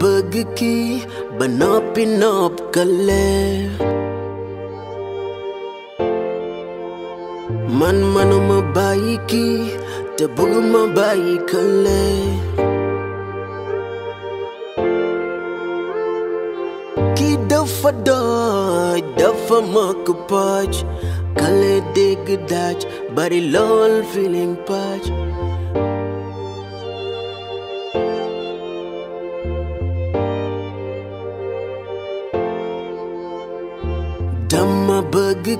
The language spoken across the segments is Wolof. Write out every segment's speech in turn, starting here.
bëgg kii ba noppi nopp kële man manuma bàyyi kii te bëgguma bàyyi kële kii dafa dooj dafa mokk pooj kële dégg daaj bari lool feeling paaj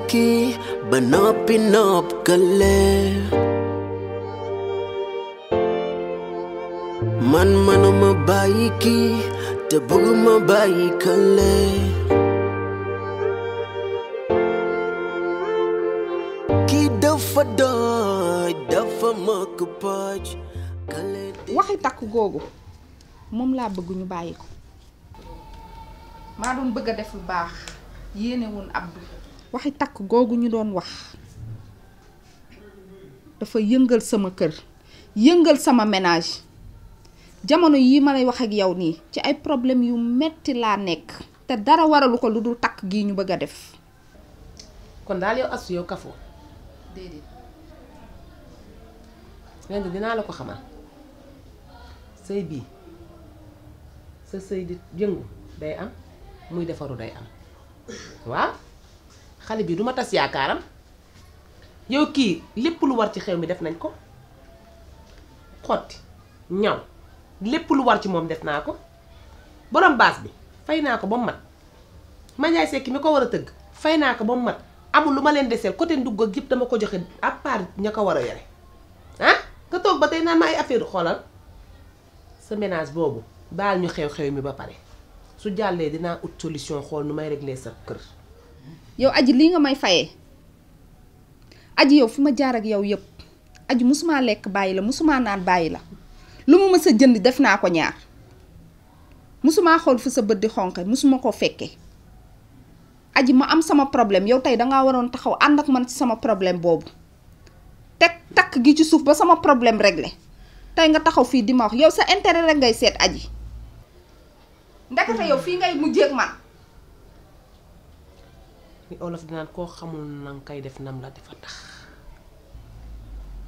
kii ba noppi nopp kële man manuma bàyyi kii te bëgguma bàyyi kële kii dafa dooj dafa mëkk pooj kële waxi takk googu moom laa bëgguñu ñu bàyyi ko maa doon bëgg a def lu baax yéene woon Abdou waxi takk googu ñu doon wax dafa yëngal sama kër yëngal sama ménage jamono yi ma lay wax ak yow nii ci ay problème yu metti laa nekk te dara waralu ko lu dul takk gii ñu bëgg a def kon daal yow asu yow kafoo déedéet dinaa la ko xamal sëy bii sa sëy di yëngu day am muy defaru day am waaw xale bii duma tas yaakaaram yow kii lépp lu war ci xew mi def nañ ko xotti ñaw lépp lu war ci moom def naa ko borom baas bi fay naa ko ba mu mat Mandiaye Seck mi ko war a tëgg fay naa ko ba mat amul lu ma leen desee côté ndugg ak yëpp dama ko joxe à part ña ko war a yore ah nga toog ba tey naan ma ay affaire xoolal sa ménage boobu baal ñu xew-xew mi ba pare su jàllee dinaa ut solution xool nu may régler sa kër yow aji lii nga may fayee aji yow fi ma jaar ak yow yëpp aji musumaa lekk bàyyi la musumaa naan bàyyi la lu mu mës a jënd def naa ko ñaar musumaa xool fi sa bët di xonq musuma koo fekkee aji ma am sama problème yow tey dangaa waroon taxaw ànd ak man sama problème boobu teg takk gi ci suuf ba sama problème réglé tey nga taxaw fii di ma wax yow sa intérêt rekk ngay seet aji ndekete yow fii ngay mu ak man olof di koo xamul na nga koy def nam la di fa tax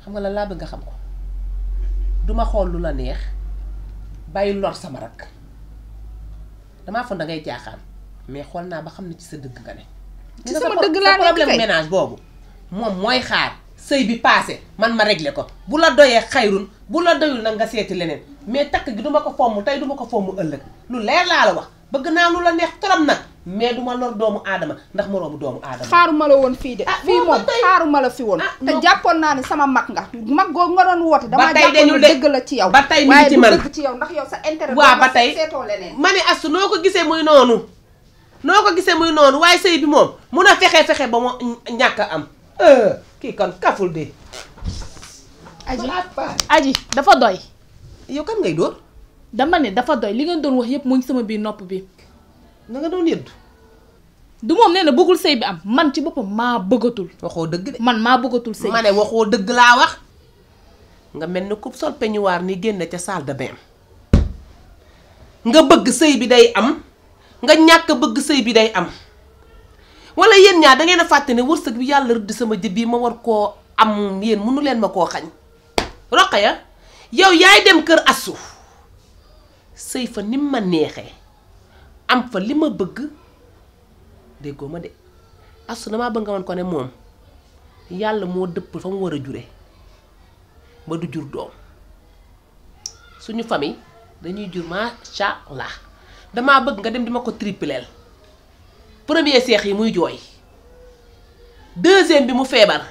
xam nga lan laa bëgg nga xam ko duma xool lu la neex bàyyi lor sama rak damaa foog da ngay jaaxaan mais xool naa ba xam ne ci sa dëgg nga ne. ci sama dëgg laa boobu moom mooy xaar. sëy bi paase man ma réglé ko bu la doyee xayrun bu la doyul nag nga seeti leneen mais takk gi duma ko fomm tey duma ko fomm ëllëg lu leer laa la wax bëgg naa lu la neex torop na mais duma lor doomu aadama ndax moroomu doomu aadama. xaaruma la woon fii de. Ah, fii moom xaaruma la fi woon. Ah, te jàppoon naa ne sama mag nga. mag googu nga doon woote. dama jàppoon dëgg la ci yow. ba tey mi ngi ci man waaye du dëgg ci yow ndax yow sa intérêt. waaw ba tey ma ne astu noo ko gisee muy noonu. noo ko gisee muy noonu waaye sëy bi moom mun a fexe fexe ba mu ñàkk am. Euh, kii kon kaful de. aji aji dafa doy. yow kan ngay dóor. dama ne dafa doy li ngeen doon wax yëpp mu ngi sama biir nopp bi na nga doon yëddu du moom nee na bëggul sëy bi am man ci boppam maa bëggatul. waxoo dëgg de man maa bëggatul sëy. ma waxoo dëgg laa wax nga mel ni ku sol peñuwaar ni génn ca salle de bain nga bëgg sëy bi day am nga ñàkk bëgg sëy bi day am wala yéen ñaar da ngeen fàtte ne wërsëg bi yàlla rëdd sama jib bi ma war koo am yéen mënu leen ma koo xañ. Roqaya yow yaay dem kër Asou sëy fa ni ma neexee. am fa li ma bëgg déggoo ma de asu damaa bëgg nga woon ko ne moom yàlla moo dëpp fa mu war a jure ba du jur doom suñu famille dañuy jur macha allah damaa bëgg nga dem di ma ko triplel premier seex yi muy jooy deuxième bi mu feebar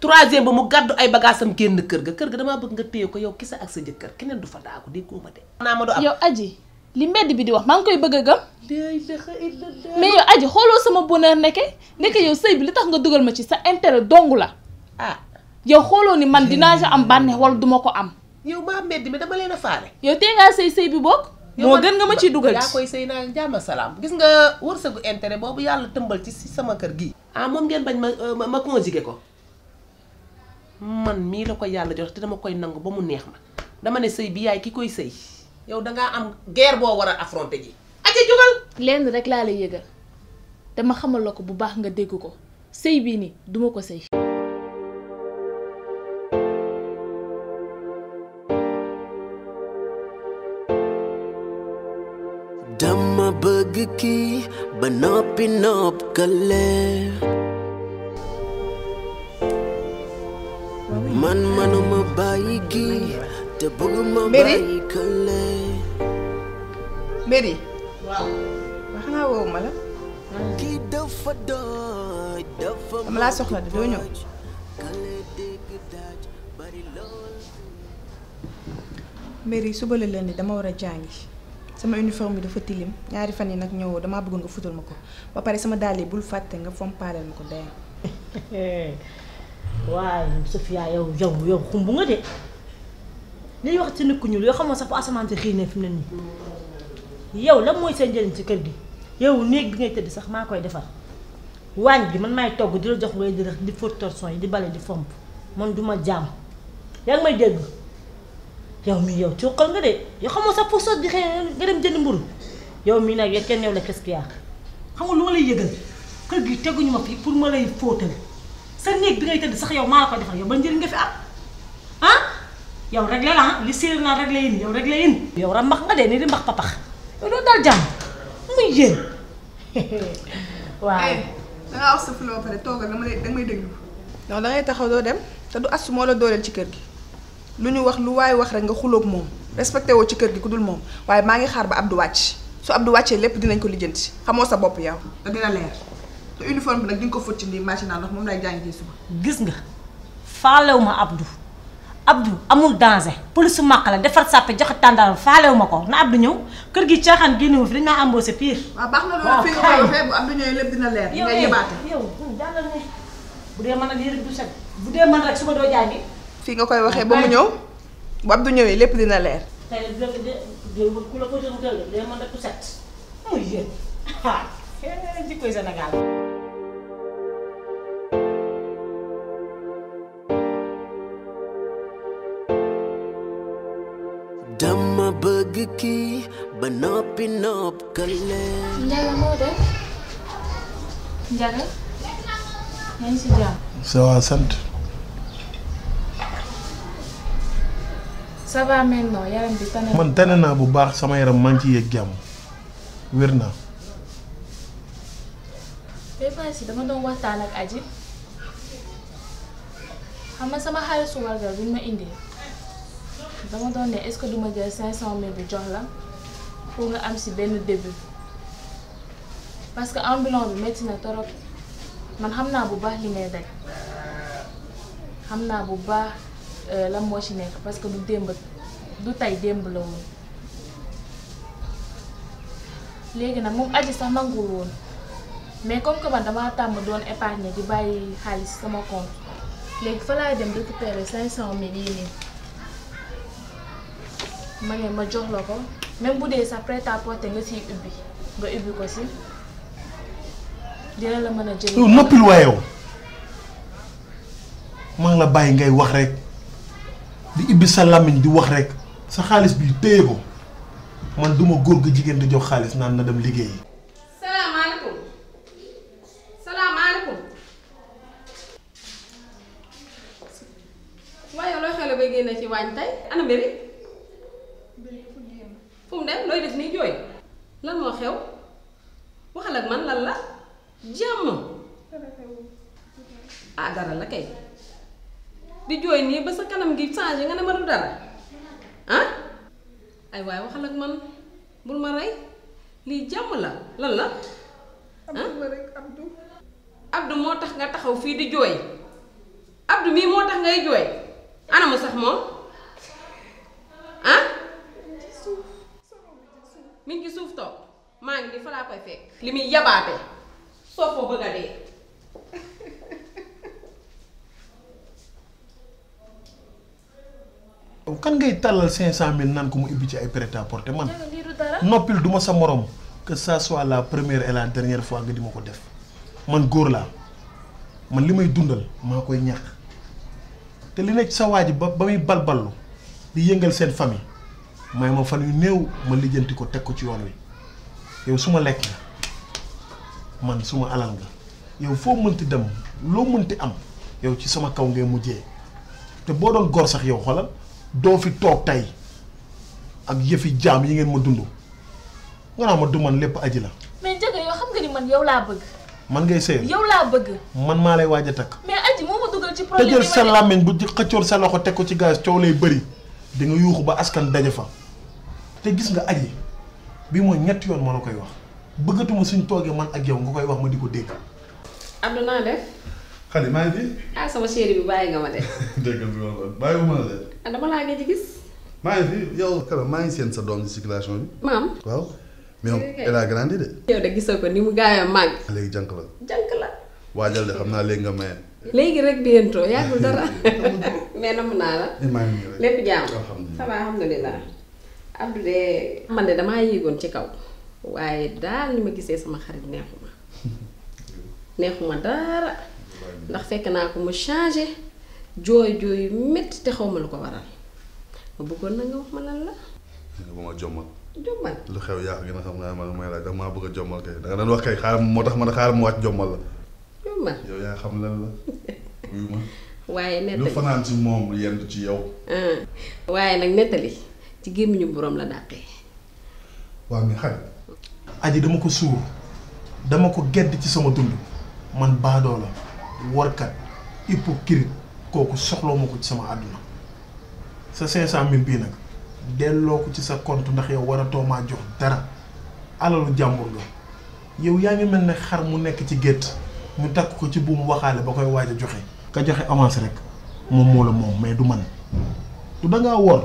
troisième ba mu gàddu ay bagaasam génn kër ga kër ga damaa bëgg nga téye ko yow kisa ak sa jëkkër keneen du fa daagu déggoo ma de. naa ma du am yow aji. li mbedd bi di wax maa koy bëgg a gëm. mais yow aji xooloo sama bonheur nekke nekke yow sëy bi li tax nga dugal ma ci sa intérêt dong la. ah yow xooloo ni man dinaa si am bànneex wala duma ko am. yow maa mbedd mi dama leen a faale. yow tee ngaa sëy sëy bi bokk. moo gën nga ma ciy dugal yaa koy sëy naa jàmm gis nga wërsëgu intérêt boobu yàlla tëmbal ci sama kër gii. ah moom ngeen bañ ma euh, ma ma conjugué ko man mii la ko yàlla jox te dama koy nangu ba mu neex ma dama ne sëy bi yaay ki koy sëy yow dangaa am guerre boo war a affronter ji. aca jógal. lenn rek laa lay yëgal dama xamal la ko bu baax nga dégg ko sëy bii ni duma ko sëy. dama bëgg man manuma bàyyi kii. te bëgguma bàyyi kële yi waaw xanaa woowu ma la kii dafa dooj dafa ma laa soxla de doo ñëw mbir suba la lundi dama war a jàngi sama uniforme bi dafa tilim ñaari fan yi nag ñëwoo dama bëggoon nga futal ma ko ba pare sama dàll yi bul fàtte nga fompaaleel ma ko dayam waaye Sofia yow yow xumb nga de li ñuy wax ci nit ku ñuul yoo xamoon sax bu asamaan si xëy na fi mu ne nii yow lan mooy seen njëriñ ci kër gi yow néeg bi ngay tëdd sax maa koy defar waañ bi man maay togg di jox way di di fóot torchon yi di bale di fomp man duma jaam yaa ngi may dégg yow mii yow cuuqal nga de yoo xamoon sax pour sos di yow mii nag kenn yow la quest nga lu ma lay yëgal kër ma fi pour ma lay fóotal sa néeg bi ngay tëdd sax yow maa la yow ba njëriñ nga fi am yow réglé la ah li séeréer naan réglé yin yow réglé yin yow ra mbax nga dee ni di mbax papax yow loolu daal jàmm muy yéen waaw eh, da ngaa wax sa fuloo pare toogal dama lay danga may déglu taxaw doo dem te du astu moo la dooleel ci kër gi lu ñu wax lu waaye wax rek nga xuloog moom respecté woo ci kër gi ku dul moom waaye maa ngi xaar ba Abdou wàcc su Abdou wàccee lépp dinañ ko lijjanti xamoo sa bopp yow te dina leer te uniforme bi nag di ko fóot ci nii machinal ndax moom lay jàngi suba gis nga faalewu ma Abdou Abdou amul danger police su màq la defar sàppe joxe tàndaaram faalewu ma ko na Abdou ñëw kër gi caaxaan génne wu fi dañ maa embauché pire. waaw baax na loolu fii nga waxee bu Abdou ñëwee lépp dina leer. nga yëbaate yow jàllal ne bu dee mën ak yëre du set bu dee mën rek su ma doo jàngi. fii nga koy waxee ah, ba mu ñëw bu Abdou ñëwee lépp dina leer. tey de de ku la ko jëm kër ga day mën rek du set muy yéen ah jikkoy Sénégal. bëgg kii ba noppi nopp kële. Ndiaga moo def Ndiaga yaa sant. ça va maintenant yaram bi tane naa bu baax sama yaram maa ngi ciy yëg jàmm wér naa. mais si dama doon waxtaan ak aji xam nga sama xaalisu wargal bi ma indee. dama doon ne est-ce que duma jël cinq cent mille bi jox la pour nga am si benn début parce que ambulant bi métti na torop man xam naa bu baax li ngay daj xam naa bu baax euh, lan moo ci nekk parce que du démb du tey démb la woon léegi nag mu aji sax nanguwul woon mais comme que man damaa tàmm doon épargne di bàyyi xaalis sama compte léegi fa laay dem récupérer cinq cent mille yi nii ma ne ma jox la ko même bu dee sax prêt à porter nga siy ubbi nga ubbi ko si dina la mën a jël. yow noppil waayew maa ngi la bàyyi ngay wax rek di ibbi sa làmmiñ di wax rek sa xaalis bi téye ko man duma góor gu jigéen di jox xaalis naan na dem liggéeyi. salaamaaleykum salaamaaleykum. waaye loo xale ba génn ci waañ tey ana bëri. fu mu dem looy def nii jooy lan moo xew waxal ak man lan la jàmm ah dara la kay di jooy nii ba sa kanam gi changé nga ne ma du dara ah ay waaye waxal ak man bul ma rey lii jàmm la lan la ah? Abdou Abdou moo tax nga taxaw fii di jooy Abdou mii moo tax ngay jooy anamu sax moom ah mi ngi ci suuf toog maa ngi nii koy fekk. li muy yabaate soo ko bëgg dee. kan ngay tàllal cinq cent mille naan ko mu ibbi ci ay prêt-à-porter man. noppil duma sa morom. que sa soit la première et la dernière fois nga di ma ko def man góor laa man li may dundal maa koy ñax te li nekk sa waa ji ba ba muy balballu di yëngal seen famille. may ma fan yu néew ma lijjanti ko teg ko ci yoon wi yow suma lekk man suma ma alal nga yow foo mënti dem loo mënti am yow ci sama kaw ngay mujjee te boo doon gor sax yow xoolal doo fi toog tey ak yëfi jaam yi ngeen ma dund nga naa ma du man lépp aji la. mais man ngay sëyal yow laa bëgg. man maa lay waaj a takk. mais aji jël sa làmmiñ bu xëccoon sa loxo teg ko ci gaz coow lay bëri di nga yuuxu ba askan daje fa. te gis nga aji bi mooy ñetti yoon moo la koy wax bëggatuma suñ toogee man ak yow nga koy wax ma di ko dégg. Abdou naa def. xale maa ngi fi. ah sama chéri bi bàyyi nga ma de. dégg bi loolu bàyyiwuma la ah, maa ngi yow maa ngi seen sa doom ci circulation bi. maam waaw. mais moom elle a grandi de. yow de gisoo ko ni mu gaawee màgg. léegi jànk la. jànk la. waajal de xam naa léegi nga maye. léegi rek bientôt yàggul dara. mais namm naa la. lépp jàmm. alhamdulilah ça va alhamdulilah. Abdou de man de damaa yéegoon ci kaw waaye daal ni ma gisee sama xarit neexuma neexuma dara ndax fekk naa ko mu changé jooy jooy metti te xaw ma lu ko waral ma bëggoon na nga wax ma lan la. nga ba ma jommal. jommal lu xew yaa xam nga ma may laaj dama bëgg jommal kay da nga doon wax kay xaaral moo tax man xaaral mu wàcc jommal la. jommal yow yaa xam lan la wuyu ma. waaye ci yow. waaye nag nettali. ci gémmiñu boroom la dàqee. waaw mais xarit aji dama ko suur dama ko gedd ci sama dund man baadoo la warkat hypocrite kooku soxloo ma ko ci sama àdduna sa cinq cent mille bii nag delloo ko ci sa compte ndax yow waratoo maa jox dara alalu jàmbur nga yow yaa ngi mel ne xar mu nekk ci gétt mu takk ko ci buum waxaale ba koy waaj joxe ka joxe avance rek moom moo la moom mais du man du dangaa wor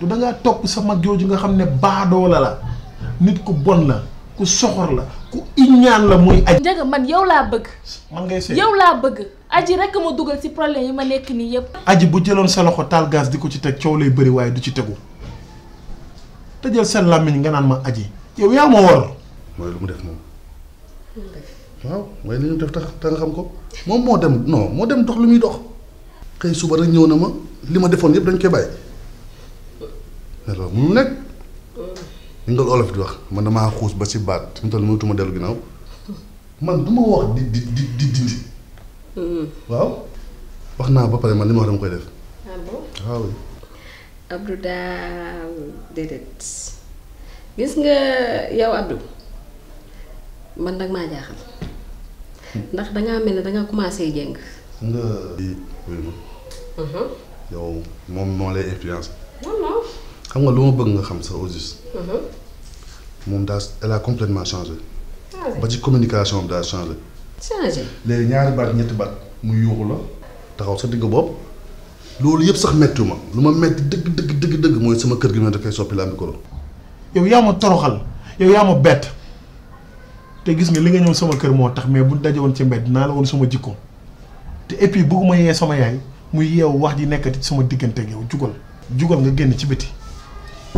du da ngaa topp sa mag jooju nga xam ne baadoola la nit ku bon la ku soxor la ku iñaan la muy aji njëga man yow laa bëgg man ngay yow laa bëgg aji rek ma dugal ci problème yi ma nekk nii yépp aji bu jëloon sa loxo taal gaz di ko ci teg coow lay bari waaye du ci tegu te jël seen làmmiñ nga naan ma aji yow yaa ma war mooy lu mu def moom waaw mooy li ñu def tax te nga xam ko moom moo dem non moo dem dox lu muy dox xëy suba rek ñëw na ma li ma defoon yépp dañ koy bàyyi ne la nekk li nga olof di wax man damaa xuus ba si baat fi mu toll nii dellu ginnaaw man du ma wax di di di di dindi. Mm-hmm. waaw wax naa ba pare man li ma wax dama koy def. Ah waaw. Abdou daa déedéet gis nga yow Abdou man nag maa jaaxal ndax dangaa mel ne dangaa commencé jéng. nga. Mm-hmm. moom moo lay influence. xam nga lu ma bëgg nga xam sax aussi mhm. moom daa elle a ah ba ci communication am daa changé. changé léegi ñaari baat ñetti baat mu yuuxu la. taxaw sa digg bopp loolu yëpp sax méttu ma lu ma metti dëgg dëgg dëgg dëgg mooy sama kër gi ma dafay soppi laa micro. yow yaa ma toroxal yow yaa ma bett te gis nga li nga ñëw sama kër moo tax mais bu daje ci mbedd naa la woon suma jikko te et puis yee sama yaay mu yeewu wax di nekkati sama diggante yow jugal jugal nga génn ci biti.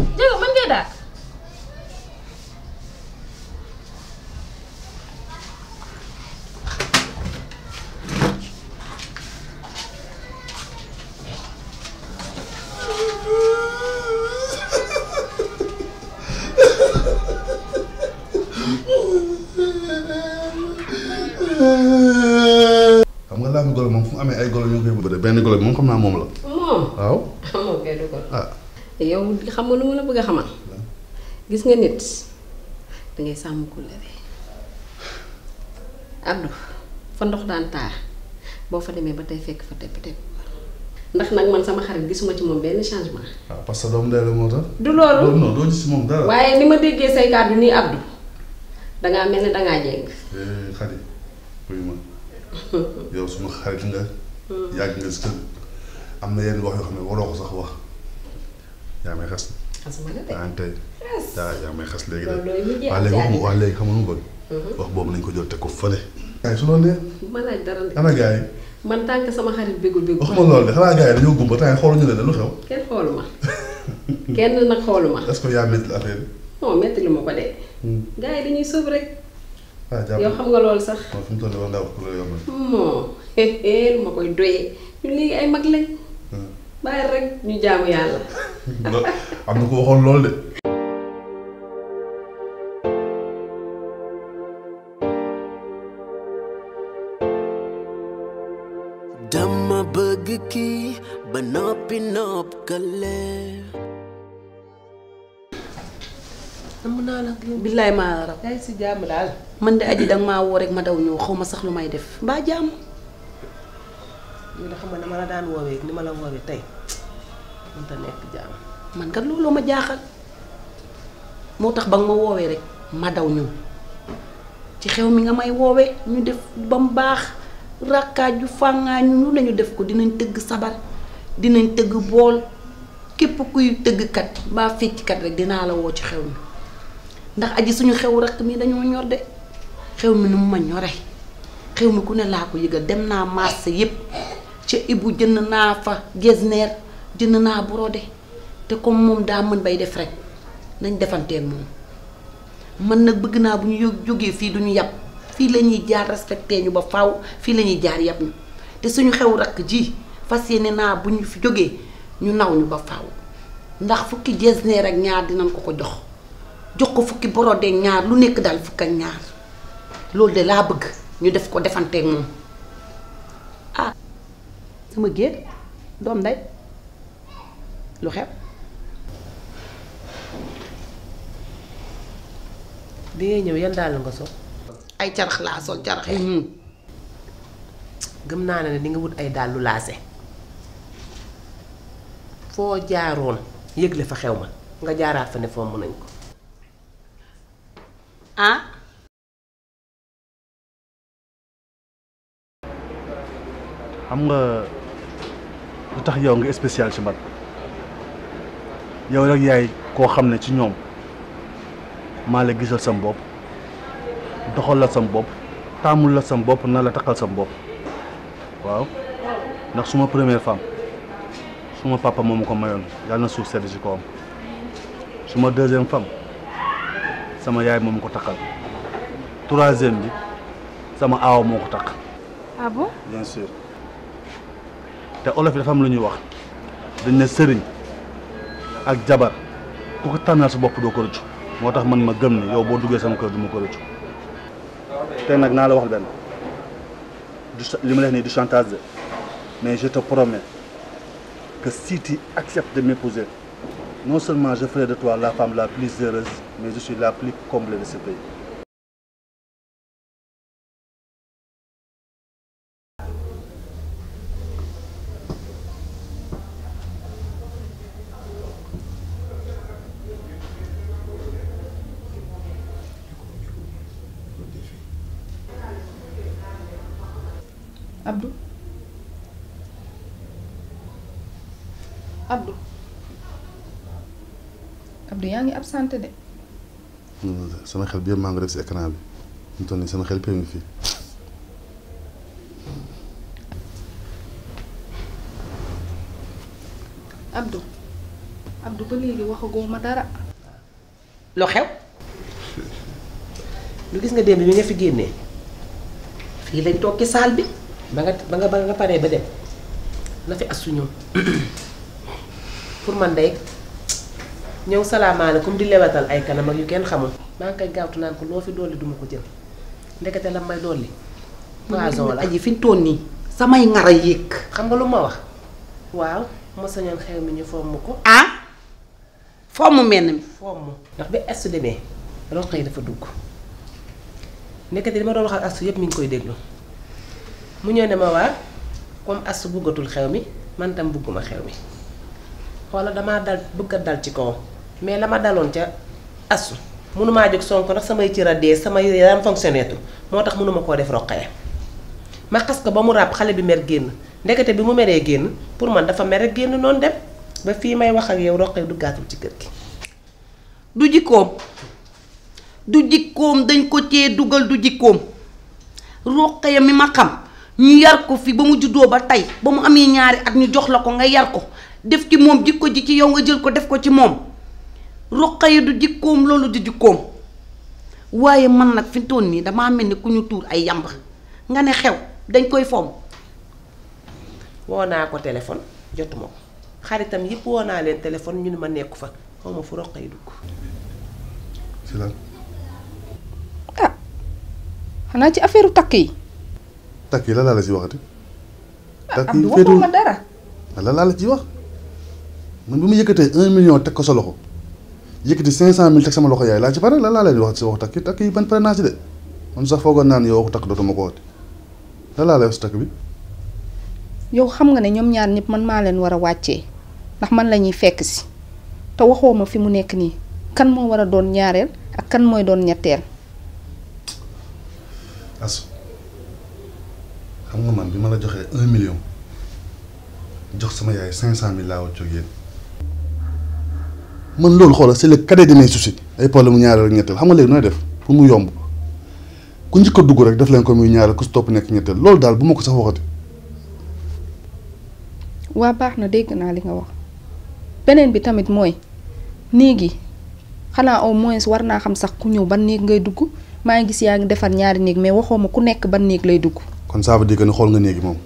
Jéego mën ngay daak xam nga laa mi golo moom fu mu amee ay golo ñoo koy bëre benn golo bi moom xam naa moom la. waaw. te yow xam nga lu la bëgg a gis nga nit dangay sàmm kóllëre Abdou fa ndox daan taa boo fa demee ba tey fekk fa tepp tepp ndax nag man sama xarit gisuma ci moom benn changement. Ah, waaye ni ma déggee say kàddu nii Abdou dangaa mel ne dangaa jéng. xarit eh, kuy ma yow suma xarit nga. Hmm. yàgg nga si kër am na yenn wax yoo xam ne waroo ko sax wax. yaa may xas. xasuma na de ah tey. yaa may xas léegi de waaw léegi wax wax léegi xam nga loolu mhm. ma laaj dara de. ana gars yi. man tànk sama xarit bëggul bëggul. waxuma loolu de xanaa gars yi dañoo gumba tànk xooluñu la de lu xew. kenn xoolu ma kenn nag xoolu ma. est-ce que yaa métti affaire bi. non métti lu ma ko dee. Hmm. gars yi dañuy sóob rek. Ah, yow xam nga loolu sax. waaw lu ma koy doyee ñu léegi ay mag lañ bàyyi rek ñu jaamu yàlla. am na ko waxoon lool de. dama bëgg kii ba noppi noppale. am naa la billaay maa la raw. si jàmm daal. man de aji danga maa woo rek ma daw ñëw xaw sax lu may def mbaa jàmm. ñu ne xam nga dama la daan woowee ni ma la woowee tey mënta nekk jaam man kat loolu ma jaaxal moo tax ba nga ma woowee rek ma daw ñëw ci xew mi nga may woowee ñu def ba mu baax rakkaaju fàngaa ñu ñu lañu def ko dinañ tëgg sabar dinañ tëgg bool képp kuy tëggkat mbaa fecckat rek dinaa la woo ci xew mi ndax aji suñu xew rakk mi dañoo ñor de xew mi nu mu ma ñore xew mi ku ne laa ko yëgal dem naa marché yépp ca Ibu jënd naa fa gesneer jënd naa borode te comme moom daa mën bay def rek nañ defanteel moom man nag bëgg naa bu ñu jógee fii du duñu yàpp fii lañuy jaar respecté ñu ba faaw fii lañuy jaar yàpp ñu te suñu xew rakk ji fas yéene naa bu ñu fi jógee ñu naw ñu ba faaw ndax fukki gesneer ak ñaar dinañ ko ko jox jox ko fukki brodé ñaar lu nekk daal fukk ak ñaar loolu de laa bëgg ñu def ko defanteeg moom sama géer doom ndey lu xew bi ngay ñëw yan daal nga sol ay carax laa sol carax mhm. gëm naa ne di nga wut ay dàllu laase foo jaaroon yëgle fa xew ma nga jaaraat fa ne foo mën nañ ko ah xam nga lu tax yow ngi spécial ci man yow rek yaay koo xam ne ci ñoom maa la gisal sam bopp doxal la sam bopp taamul la sam bopp na la taxal sam bopp waaw ndax suma première femme suma moom moomu ko mayoon yàlla na suuf sedd ci kawam suma deuxième femme sama yaay moomu ko taxal troisième bi sama aawa moo ko tax ah te olof yi dafa am lu ñuy wax dañ ne sëriñ ak jabar ku ko tànnal su bopp doo ko rëccu moo tax man ma gëm ni yow boo duggee sama kër du ma ko rëccu te nag naa la wax benn du li ma leen nii du chantage de mais je te promets que si tu acceptes de m'épouser non seulement je ferai de toi la femme la plus heureuse mais je suis la plus comblée de ce pays sant de. sama xel biir yëpp maa ngi def si écran bi sama xel péew fii. Abdou Abdou ba léegi waxagoo ma dara. loo xew. lu gis nga démb bi nga fi génnee fii lañ toog ci saal bi ba nga ba nga ba nga paree ba dem na fi as suñu pour man day ñëw salaamaaleykum di lewatal ay kanam ak yu kenn xamul maa ngi koy gaawtu naan ko loo fi dolli duma ko jël ndekete la may dolli. poison la aji fi nii samay ngar a yéeg. xam nga lu ma wax waaw ma sañoon xew mi ñu fomm ko. ah fomm menn mi. fomm ndax bi astu demee roq yi dafa dugg ndekete li ma doon wax astu yëpp mi ngi koy déglu mu ñëw ne ma waa comme astu buggatul xew mi man tam bugguma xew mi. xoola damaa dal bëgg a dal ci kawam mais la ma daloon ca asu mënumaa jóg sonko ndax samay cër a dee samay yaram fonctionné moo tax mënuma koo def roqee ma xas ko ba mu ràbb xale bi mer génn ndekete bi mu meree génn pour man dafa mere génn noonu dem ba fii may wax ak yow roqee duggaatul ci kër gi du jikkoom du jikkoom dañ ko cee dugal du jikkoom roqee mi ma xam ñu yar ko fii ba mu juddoo ba tey ba mu amee ñaari at ñu jox la ko nga yar ko def ci moom jikko ji ci yow nga jël ko def ko ci moom Roqaya du jikkoom loolu di jikkoom waaye man nag fi nii damaa mel ni ku ñu tuur ay yamb nga ne xew dañ koy fomm. woo naa ko téléphone jotuma ko xaritam yëpp woo naa leen téléphone ñu ni ma nekku fa xaw ma fu Roqaya dugg. ah xanaa ci affaire takk yi. takk yi lan laa la ci waxati. ah am na waxuma dara. lan laa la ci wax. man bi ma yëkkatee un million teg ko sa loxo yëkkati cinq cent mille teg sama loxo yaay laa ci pare lan laa leen wax si wax takk yi takk yi ban pare naa ci de man sax foogoon naan yow waxu takk dootuma ko woote lan laa wax si takk bi. yow xam nga ne ñoom ñaar ñëpp man maa leen war a wàccee ndax man la ñuy fekk si te waxoo ma fi mu nekk nii kan moo war a doon ñaareel ak kan mooy doon ñetteel. asu xam nga man bi ma la joxee un million jox sama yaay cinq cent mille laa wàccoog yéen. man loolu xoolal si le cadet de mes soucis ay problème mu ñaareel ak ñetteel xam nga léegi nooy def pour mu yomb ku njëkk ko dugg rek def leen ko muy ñaareel ku si topp nekk ñetteel loolu daal bu ma ko sax waxati. waa baax na dégg naa li nga wax beneen bi tamit mooy néegi xanaa au moins war naa xam sax ku ñëw ba néeg ngay dugg maa ngi gis yaa ngi defar ñaari néeg mais waxoo ma ku nekk ban néeg lay dugg. kon ça veut dire ne xool nga néegi moom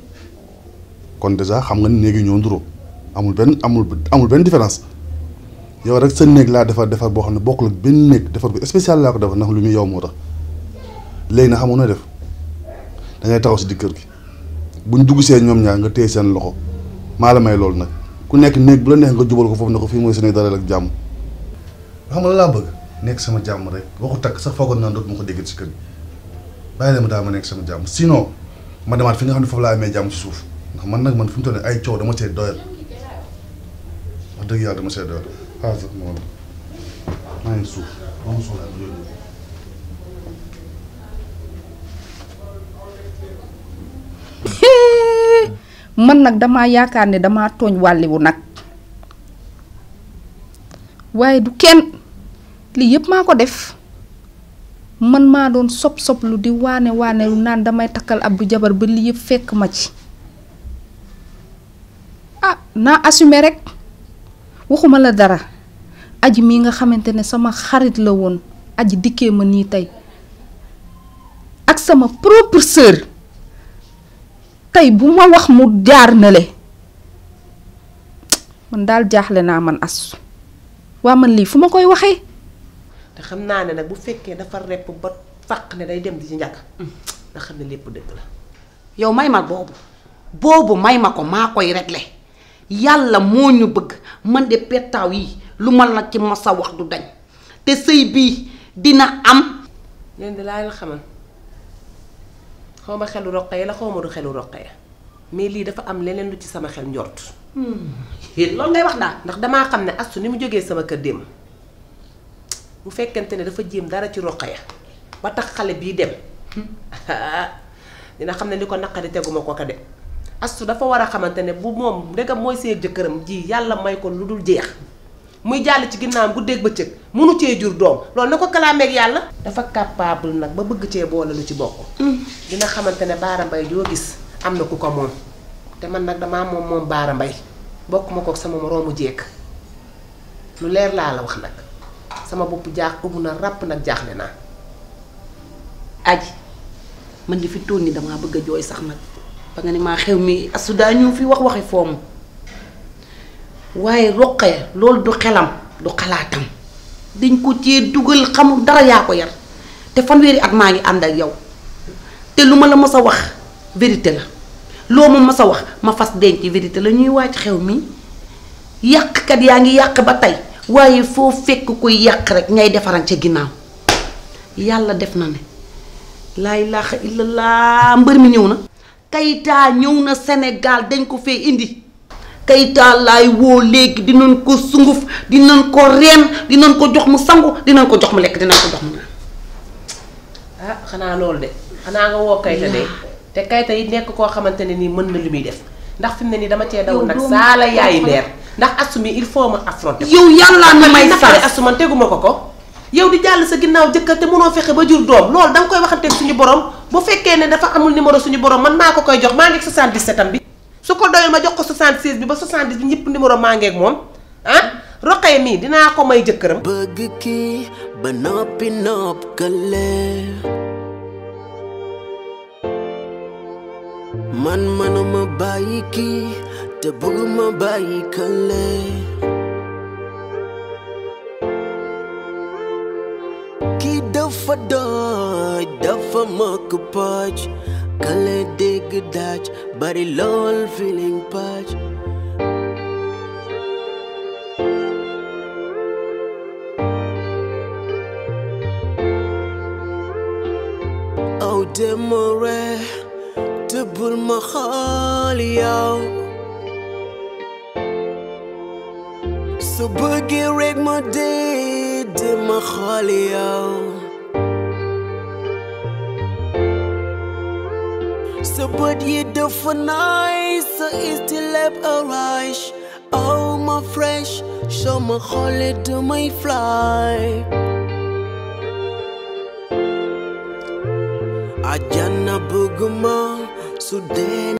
kon déjà xam nga ni néegi ñoo amul benn amul amul benn différence. yow rek sa néeg laa defar defar boo xam ne bokkul ak benn néeg defar bu spécial laa ko defar ndax lu muy yow moo tax léegi na xamoon na def da ngay taxaw si di kër gi bu buñ dugg see ñoom ñaar nga téye seen loxo maa la may loolu nag ku nekk néeg bu la neex nga jubal ko foofu ne ko fii mooy seen dara ak jàmm. xam nga laa nekk sama jàmm rek waxu takk sax foogoon naa doot ma ko dégg si kër gi bàyyi la ma daal ma nekk sama jàmm sinon ma demaat fi nga xam ne foofu laa amee jàmm si suuf ndax man nag man fi mu toll ay coow dama see doyal wax dëgg yàlla dama see man nag damaa yaakaar ne damaa tooñ wàlliwu nag waaye du kenn lii yépp maa ko def man maa doon sob soblu di waane waane lu naan damay takkal Abdou jabar ba lii yépp fekk ma ci ah naa assumer rekk waxuma la dara aji mii nga xamante ne sama xarit la woon aji dikkee ma nii tey ak sama propre sœur bu ma wax mu jaar na le man daal jaaxle naa man as waa man lii fu ma koy waxee. te xam naa ne nag bu fekkee dafa repp ba fàq ne day dem di ci njàkk mm. nga xam ne lépp dëgg la. yow may ma boobu boobu may ma ko maa koy réglé yàlla moo ñu bëgg man de pettaaw yi. lu ma nag ci masa wax du dañ te sëy bii dina am. yéen de laa leen xamal xaw ma xelu roqe yi la xaw ma du xelu roqe yi mais lii dafa am leneen lu ci sama xel njort. Hmm. loolu ngay wax naa ndax damaa xam ne astu ni mu jógee sama kër démb bu fekkente ne dafa jéem dara ci roqe ya ba tax xale bii dem dina xam ne li ko naqari teguma ko ko de astu dafa war a xamante ne bu moom ndegam mooy seen jëkkëram ji yàlla may ko lu dul jeex. muy jàll ci ginnaam guddeeg bëccëg mënu cee jur doom loolu na ko kalaameeg yàlla. dafa capable nag ba bëgg cee boole lu ci bokk. Mm. dina xamante ne Baara Mbay joo gis am na ku ko moom te man nag damaa moom moom Baara Mbay bokk ma ko sama moroomu jékk lu leer laa la wax nag sama boppu jaax ubu na ràpp nag jaaxle naa. aji man di fi toon ni damaa bëgg a jooy sax nag ba nga ne maa xew mi asudaa ñu fi wax waxi foomu waaye Roqaya loolu du xelam du xalaatam dañ ko cee dugal xamul dara yaa ko yar te fanweeri at maa ngi ànd ak yow te lu ma la mës a wax vérité la loo ma mës a wax ma fas denc vérité la ñuy waaj xew mi yàqkat yaa ngi yàq ba tey waaye foo fekk koy yàq rek ngay defaran ca ginnaaw yàlla def na ne laa ilaaha illallah mbër mi ñëw na. Kayta ñëw na Sénégal dañ ko fee indi. Keita woo léegi dinañ ko sunguf dinañ ko reen dinañ ko jox mu sangu dina ko jox mu lekk dinañ ko jox mu naan. ah xanaa loolu de xanaa nga woo Keita de te Keita yi nekk koo xamante ne nii mën na lu muy def ndax fi mu ne nii dama cee daw nag saa la yaayi leer ndax asumi il faut ma affronter. yow yàlla na may sànq asuma teguma ko ko. yow di jàll sa ginnaaw jëkkër te mënoo fexe ba jur doom loolu danga koy waxante suñu borom bu fekkee ne dafa amul numéro suñu borom man maa ko koy jox maa ngi 77 am bi. su ko doyul ma jox ko 76 bi ba 70 bi ñëpp numéro maa ngeeg moom ah, roqee mii dinaa ko may jëkkëram. bëgg kii ba noppi nopp kële man manuma bàyyi kii te bëgguma bàyyi kële kii dafa dooj dafa mokk pooj. kale dégg daaj bari lool Feeling Patch aw demore te bul ma xool su bëggee rek ma dee ma xool sa bët yi dafa naay sa isti leb arrange oh ma fresh sama xole damay fly ajana bëgg ma su dee